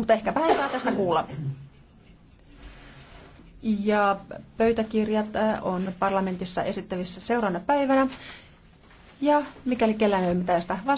Mutta ehkä vähän saa tästä kuulla. Ja pöytäkirjat äh, on parlamentissa esittävissä seuraavana päivänä. Ja mikäli kellään ei ole mitään sitä